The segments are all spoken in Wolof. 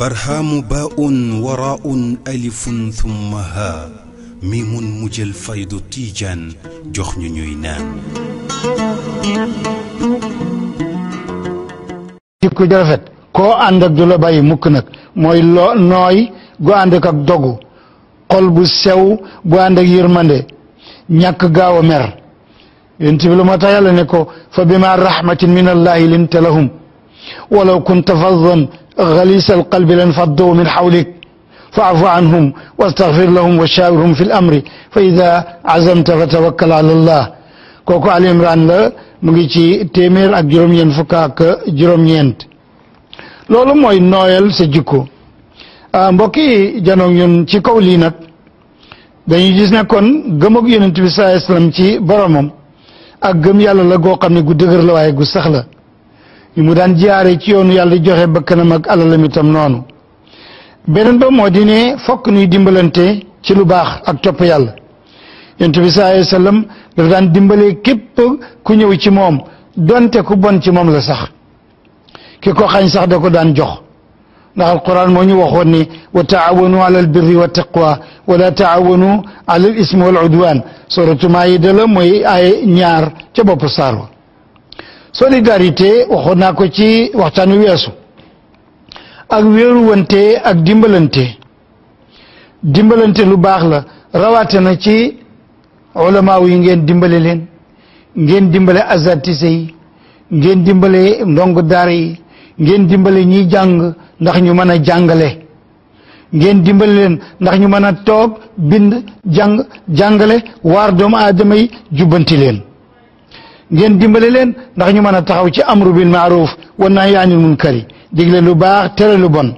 barhaamu baa'un waraa'un alifun thumma haa miimun mu jël faydu tiijaan jox ñu ñuy naan. jikko ju rafet koo ak du la bàyyi mukk nag mooy nooy gu ànd ak ak dogu xol bu sew bu ànd ak yërmande ñàkk gaaw a mer. yonent bi lu moo tax yàlla ne ko fa bima rahmatin min allahi linta lahum walaw kunta faddan galisa alqalbi lan faddu min xawlik faafu anhum wastaxfir lahum wa shaawirhum fi l amri ida azamta fa tawakkal allah kooku Ali Imran la mu ngi ci téeméer ak juróom-ñeent fukk ak juróom-ñeent loolu mooy nooyal sa jikko ah, yi janoog ñun ci kaw lii nag ci boromam ak gëm yàlla la goo xam ne gu dëgër la waaye gu sax la ñu mu daan jaare ci yoonu yàlla joxe ba bakkanam ak alalam itam noonu beneen ba moo di ne fokk nuy dimbalante ci lu baax ak topp yàlla yonent bi sallallaahu alayhi wa sallam dafa daan dimbalee képp ku ñëw ci moom donte ku bon ci moom la sax ki ko xañ sax da ko daan jox ndax alquran moo ñu waxoon ni wa taawanu ala albirri wa taqwa wala taawanu ala alismi wal udwan suratu maayida la mooy ay ñaar ca bopp saar wa solidarité waxoon ko ci waxtaan wi weesu ak wéeruwante ak dimbalante dimbalante lu baax la rawaate na ci ulama yi ngeen dimbale leen ngeen dimbale asatise ngeen dimbale ndongo daara ngeen dimbale ñiy jàng ndax ñu mën a jàngale ngeen dimbale leen ndax ñu mën a toog bind jàng jàngale waar doomu aadama yi jubbanti leen ngeen dimbale leen ndax ñu mën a taxaw ci amru bil maaruf wa nahyi anil munkari digle lu baax tere lu bon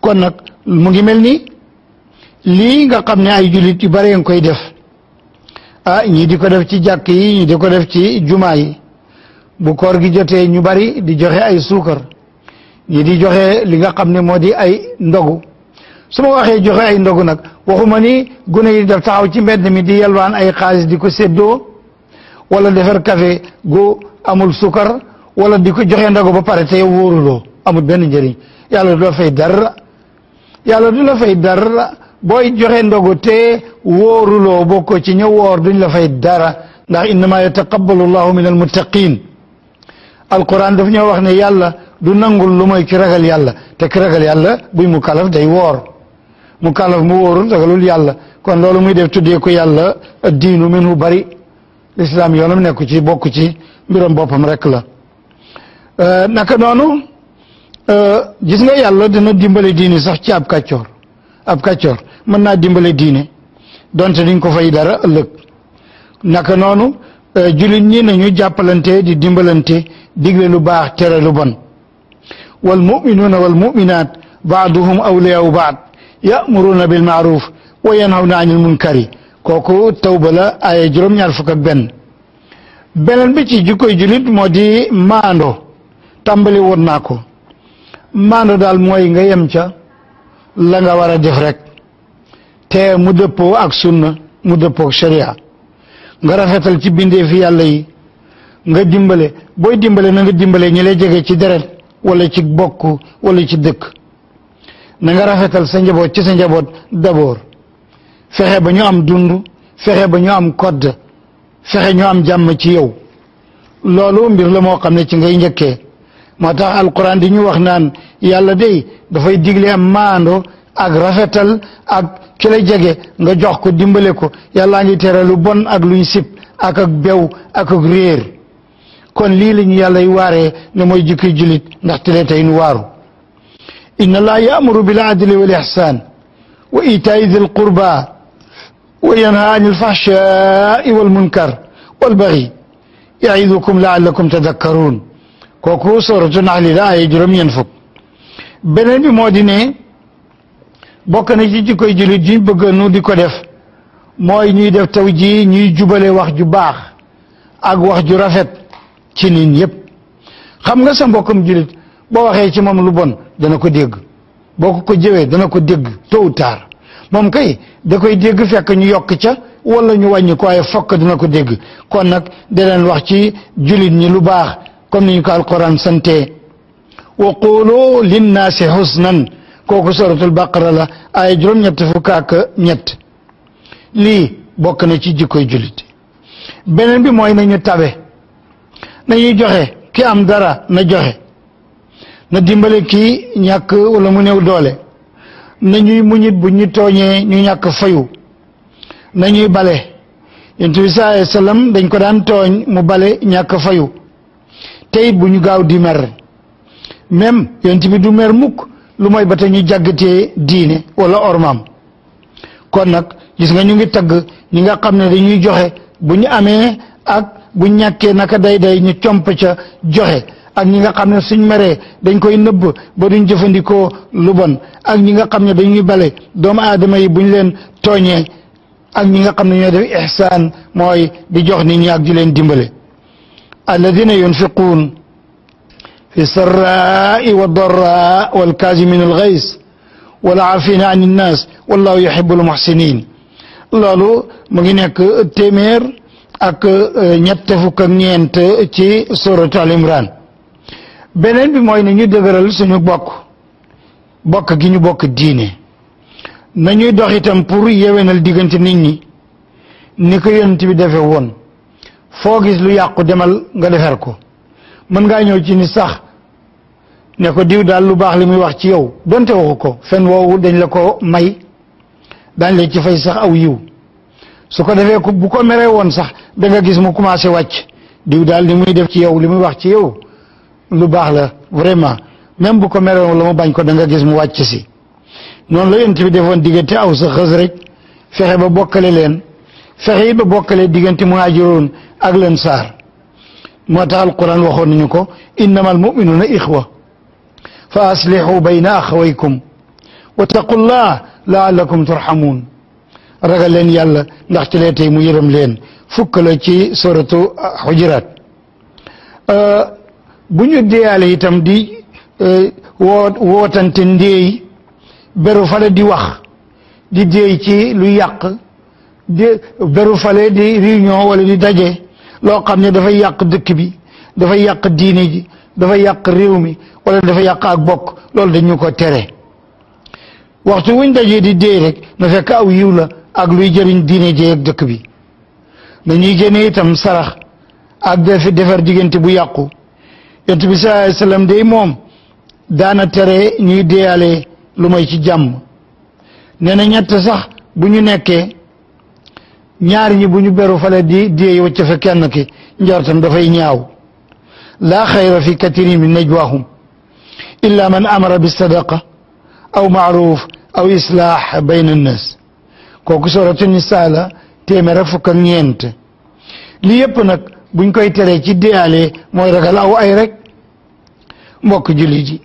kon nag mu ngi mel ni lii nga xam ne ay jullit yu bare nga koy def ah ñii di ko def ci jàkk yi ñii di ko def ci jumaa yi bu koor gi jotee ñu bari di joxe ay suukar ñi di joxe li nga xam ne moo di ay ndogu su ma waxee joxe ay ndogu nag waxuma ni gune yi daf taxaw ci mbedd mi di yalwaan ay xaalis di ko séddoo wala defar kafe gu amul suukar wala di ko joxe ndogu ba pare te yow wóoruloo amul benn njëriñ yàlla du la fay dara yàlla du la fay booy joxe ndogu te wóoruloo bokkoo ci ñëw woor duñ la fay dara ndax innama yataqabbalu llahu min almuttaqin alquran daf ñoo wax ne yàlla du nangul lu mooy ki ragal yàlla te ki ragal yàlla buy mu kalaf day woor mu kalaf mu wóorul ragalul yàlla kon loolu muy def tuddee ko yàlla diinu minhu bari lislaam yoonam nekku ci bokku ci mbiram boppam rek la euh, naka noonu euh, gis nga yàlla dina dimbale diine sax ci ab kàccoor ab kàccoor mën naa dimbale diine donte duñ ko fay dara ëllëg naka noonu euh, jullit ñi nañu jàppalante di dimbalante digle lu baax tere lu bon wal muminuuna wal muminaat baaduhum awliyaau baad yamuruuna bil maaruf wa yanhawna anil munkari kooku tawba la ay juróom-ñaar fukk ak benn beneen bi ci jikkoy julit moo di maando tàmbali woon naa ko maando daal mooy nga yem ca la nga war a def rek te mu dëppoo ak sunna mu dëppoo ak nga rafetal ci bindee fi yàlla yi nga dimbale booy dimbale na nga dimbale ñi lay jege ci deret wala ci bokk wala ci dëkk na nga rafetal sa njaboot ci sa njaboot d'abord fexe ba ñu am dund fexe ba ñu am kodd fexe ñu am jàmm ci yow loolu mbir la moo xam ne ci ngay njëkkee moo tax alquran di ñu wax naan yàlla day dafay digle am maandoo ak rafetal ak ki la jege nga jox ko dimbale ko yàlla ngi tere lu bon ak luñ sib ak ak bew ak ak réer kon lii la ñu yàlla waaree ne mooy jikkoy jullit ndaxte lee tey nu waaru inna allaha yaamuru bil adli wal ihsan wa itaai dil qurba wa yanha anil fahshai wal munkar wal baghi yaidukum laallakum tadakkaruun kooku sooratu naxli la ay juróom-ñeent fukk beneen bi moo di ne bokk na ci jikkoy jullit juñ bëgg nu di ko def mooy ñuy def taw ji ñuy jubale wax ju baax ak wax ju rafet ci nit ñëpp xam nga sa mbokkam julit boo waxee ci moom lu bon dana ko dégg boo ko ko jëwee dana ko dégg tôt ou moom kay da koy dégg fekk ñu yokk ca wala ñu wàññi ko fokk dina ko dégg kon nag da leen wax ci julit ñi lu baax comme ni ñu ko alquran sante wa qulu linnaasi husnan kooku suratul baqara la ay juróom-ñett fukk ak ñett lii bokk na ci jikkoy julit beneen bi mooy nañu tawe nañuy joxe ki am dara na joxe na dimbale kii ñàkk wala mu néew doole nañuy muñit bu ñu tooñee ñu ñàkk fayu nañuy bale yonent bi saa sallam dañ ko daan tooñ mu bale ñàkk fayu tey bu ñu gaaw di mer même yonent bi du mer mukk lu mooy ba te ñu jàggatee diine wala ormaam kon nag gis nga ñu ngi tagg ñi nga xam ne dañuy joxe bu ñu amee ak bu ñàkkee naka day day ñu comp ca joxe ak ñi nga xam ne suñ meree dañ koy nëbb ba duñ jëfandikoo lu bon ak ñi nga xam ne dañuy bale doomu aadama yi buñ leen tooñe ak ñi nga xam ne ñoo def ihsaan mooy di jox nit ñi ak di leen dimbale alladina yunfiquun fi sarraai wa darraa walkaazimin algays walaafina an innaas wallahu yuhibu almuhsinin loolu mu ngi nekk téeméer ak eh, ñette fukk ak ñeent ci sourate Al beneen bi mooy ni ñu dëgëral suñu bokk bokk gi ñu bokk diine nañuy dox itam pour yewenal diggante nit ñi ni ko yonent bi defee woon foo gis lu yàqu demal nga defar ko mën ngaa ñëw ci ni sax ne ko diw daal lu baax li muy wax ci yow donte waxu ko fenn woowu dañ la ko may dañ la ci fay sax aw yiw su ko defee bu ko meree woon sax da nga gis mu commencé wàcc diw daal li muy def ci yow li muy wax ci yow lu baax la vraiment même bu ko meree woon la mu bañ ko da nga gis mu wàcc si noonu la yent bi defoon diggante aw sa xës rek fexe ba bokkale leen fexe it ba bokkale diggante muhaajiroon ak leen saar moo tax alquran waxoon nañu ko innama almuminuuna ixwa fa aslixu bayna axawaykum wattaqu llah laallakum turxamuun ragal leen yàlla ndax ci lay tey mu yërëm leen fukk la ci suratu xujuraat euh, bu ñu deeyaale itam di euh, woo wootante ndéey beru fale di wax di déey ci lu yàq beru fale di réunion wala di daje loo xam ne dafay yàq dëkk bi dafay yàq diine ji dafay yàq réew mi wala dafa yàq ak bokk loolu dañu ko tere waxtu wuñ dajee di déey rek na fekk aw yiw la ak luy jëriñ diine jéeg dëkk bi dañuy génne itam sarax ak defi defar diggante bu yàqu yonent bi sallallahu alayhi wasallam day moom daana tere ñuy deyalee lu may ci jàmm nee na ñett sax bu ñu nekkee ñaar ñi bu ñu beru fale di diyey wacc fa kenn ki njortam dafay ñaaw laa xayra fi katiri min najwaahum illa man amara bi sadaqa aw maaruf aw islaax bayna annas kooku soratu nisaa la téeméer ak fukk ak ñeent li yëpp nag buñ koy teree ci déyalee mooy ragal aw ay rek mbokk jullit yi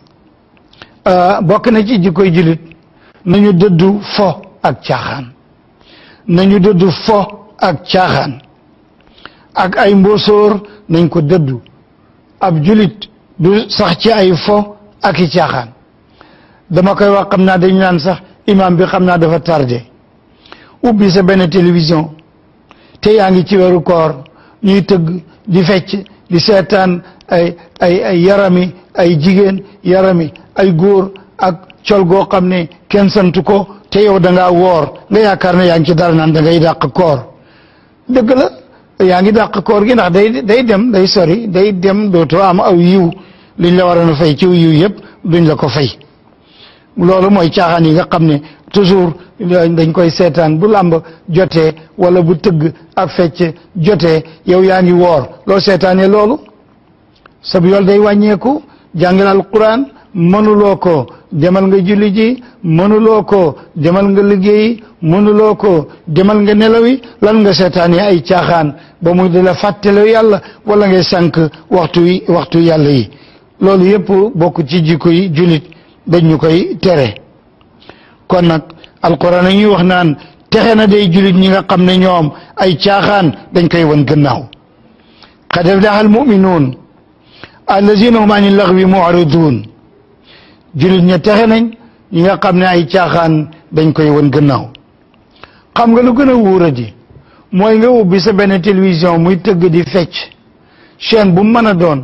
euh, bokk na ci jikkoy jullit nañu dëddu fo ak na nañu dëddu fo ak caaxaan ak ay mbóosóor nañ ko dëddu ab jullit du sax ci ay fo ak i dama koy wax xam naa dañu naan sax imaam bi xam naa dafa tardé ubbi sa benn télévision te yaa ngi ci weeru koor ñuy tëgg di fecc di seetaan ay ay yarami ay jigéen yarami ay góor ak col goo xam ne kenn sant ko te yow da woor nga yaakaar ne yaa ngi ci dara naan da ngay dàq koor dëgg la yaa ngi dàq koor gi ndax day day dem day sori day dem dootoo am aw yiw liñ la waroon a fay ci yiw yëpp duñ la ko fay loolu mooy caaxaan yi nga xam ne toujours dañ koy seetaan bu lamb jote wala bu tëgg ak fecc jote yow yaa ngi woor loo seetaane loolu sab yool day wàññeeku jàngalal Quran mënuloo ko demal nga julli ji mënuloo ko demal nga liggéeyi mënuloo ko demal nga nelawi lan nga seetaane ay caaxaan ba mu di la fàttaloo yàlla wala ngay sànq waxtu yi waxtu yàlla yi loolu yëpp bokk ci jikko yi jullit dañ ñu koy tere kon nag alquran a ñuy wax naan texe na day julit ñi nga xam ne ñoom ay caaxaan dañ koy wan gannaaw qad aflaha almuminuun allazina hum ani laxwi muariduun julit ña texe nañ ñi nga xam ne ay caaxaan dañ koy wan gannaaw xam nga lu gën a wóora di mooy nga ubbi sa benn télévision muy tëgg di fecc chaîne bu mën a doon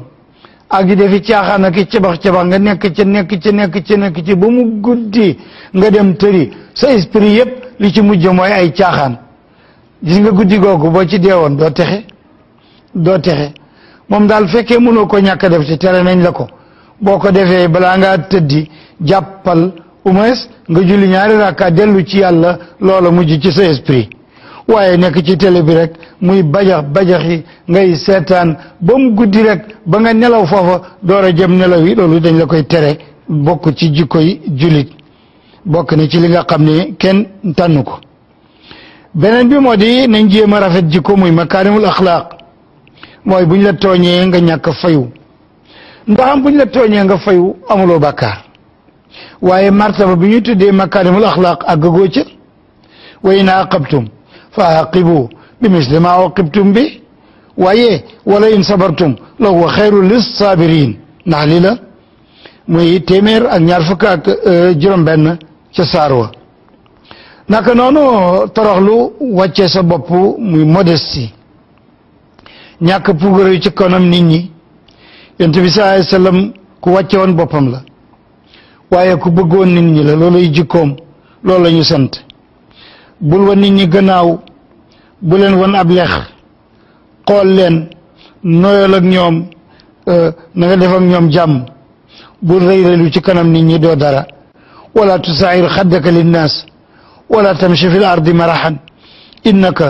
ak di defi caaxaan ak ki cabax cabax nga nekk ca nekk ca nekk ca nekk ci ba mu guddi nga dem tëri sa esprit yëpp li ci mujj mooy ay caaxaan gis nga guddi googu boo ci deewoon doo texe doo texe moom daal fekkee mënoo ko ñàkk def ci tere nañ la ko boo ko defee eh, balaa ngaa tëddi jàppal au moins nga julli ñaari rakka dellu ci yàlla loola mujj ci sa esprit waaye nekk ci télé bi rek muy bajax bajaxi ngay seetaan ba mu guddi rek ba nga nelaw foofa door jëm nelaw yi loolu dañ la koy tere bokk ci jikko yi jullit bokk na ci li nga xam ne kenn tànn ko beneen bi moo di na jéem a rafet jikko muy makaarimul axlaaq mooy buñ la tooñee nga ñàkk fayu ndaxam am buñ la tooñee nga fayu amuloo bàkkaar waaye martaba bi ñuy tuddee makaarimul axlaaq àggagoo ca way naa aqabtum فعاقبوا بمثل ما عوقبتم به waaye wala in sabartum la huwa xayru lis sabirin ndax lii la muy téeméer ak ñaar fukk ak juróom-benn ca saar wa naka noonu toroxlu wàcce sa bopp muy modestie ñàkk puugare yu ci kanam nit ñi yonent bi sallallahu alayhi ku wàcce woon boppam la waaye ku bëggoon nit ñi la loolay jikkoom loolu la ñu sant bul wan nit ñi gannaaw bu leen wan ab lex xool leen nooyal ak ñoom na nga def ak ñoom jàmm bul rëy rëylu ci kanam nit ñi doo dara wala tusaayir xaddaka linnaas wala tamshi fi l ardi maraxan innaka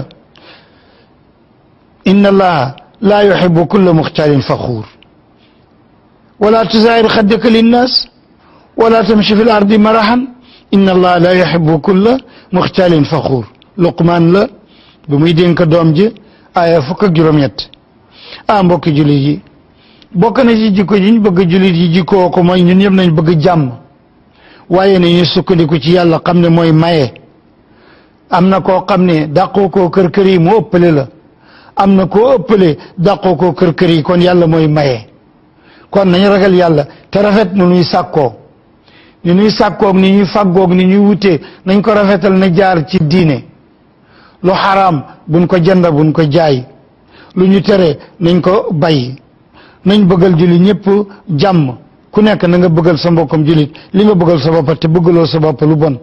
inna allaha laa yuxibu kulla muxtaalin faxuur wala tusaayir xaddaka linnaas wala tamshi fi l ardi maraxan inna allah la yuhibbu kulla muxtaalin faxuur luqmaan la bu muy dénk doom ji aaya fukk ak juróom-ñett ah mbokki jullit yi bokk na ci jikko yi ñu bëgg jullit yi jikkoo ko mooy ñun ñëpp nañu bëgg jàmm waaye ne ñu sukkandiku ci yàlla xam ne mooy maye am na koo xam ne dàqoo koo kër kër yi mu ëppale la am na koo ëpple dàqoo koo kër kër yi kon yàlla mooy maye kon nañu ragal yàlla te rafet nu ñuy sàkkoo ni ñuy sàkkoog ni ñuy fàggoog ni ñuy wutee nañ ko rafetal na jaar ci diine lu xaraam buñ ko jënd buñ ko jaay lu ñu tere nañ ko bay nañ bëggal jullit ñëpp jàmm ku nekk na nga bëggal sa mbokkam jullit li nga bëggal sa bopp te bëggaloo sa bopp lu bon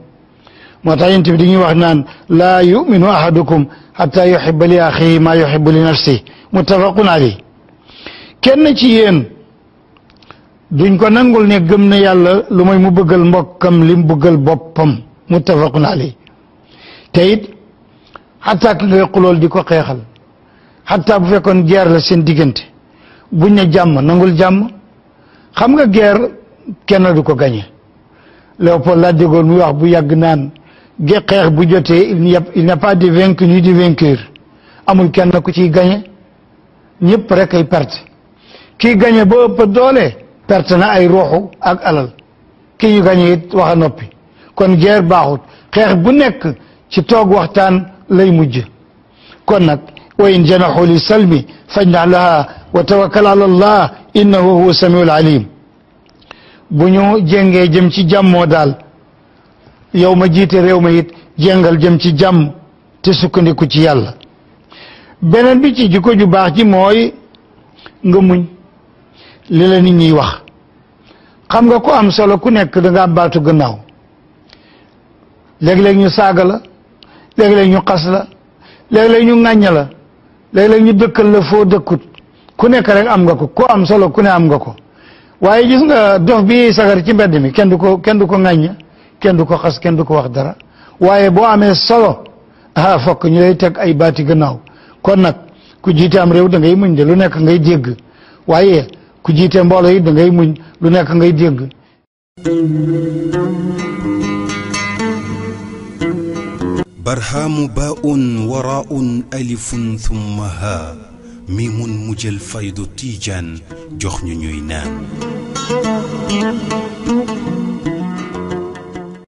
moo tax yent bi dañuy wax naan laa yuminu ahadukum xata yuxiba li axihi maa yuxibu li nafsi muttafaqun alayh kenn ci yéen duñ ko nangul ne gëm na yàlla lu mooy mu bëggal mbokkam li mu bëggal boppam muttafaqun alayhi te it xataa ki ngay xulool di ko xeexal xataa bu fekkoon guerre la seen diggante buñ na jàmm nangul jàmm xam nga guerre kenn du ko gañe Léopold laa déggoon muy wax bu yàgg naan ge xeex bu jotee il n'y a pas de vaincu ni de vainqueur amul kenn ku ciy gañe ñëpp rek ay perte kii gañe ba ëpp doole perte na ay ruuxu ak alal ki ñu gañe it wax a noppi kon guerre baaxut xeex bu nekk ci toog waxtaan lay mujj kon nag wa in janaxu li salmi fajnax laha wa tawakkal ala allah innahu huwa samiul alim bu ñu jéngee jëm ci jàmmoo daal yow ma jiite réew ma it jéngal jëm ci jàmm te sukkandiku ci yàlla beneen ci jikko ju baax ji mooy nga muñ li la nit ñiy wax xam nga ko am solo ku nekk da nga baatu gannaaw léeg-léeg ñu saaga la léeg-léeg ñu xas la léeg-léeg ñu ŋàñña la léeg-léeg ñu dëkkal la foo dëkkut ku nekk rek am nga ko ko am solo ku ne am nga ko waaye gis nga dof bi sagar ci mbedd mi kenn du ko kenn du ko ŋàñña kenn du ko xas kenn du ko wax dara waaye boo amee solo ah fokk ñu lay teg ay baati gannaaw kon nag ku jiite am réew da ngay muñ de lu nekk ngay jégg waaye ku jiite mboolo yi da mu lu nekk ngay dégg barhaamu baa'un waraa'un alifun thumma haa miimun mujjal faydu tiijaan jox ñu ñuy naan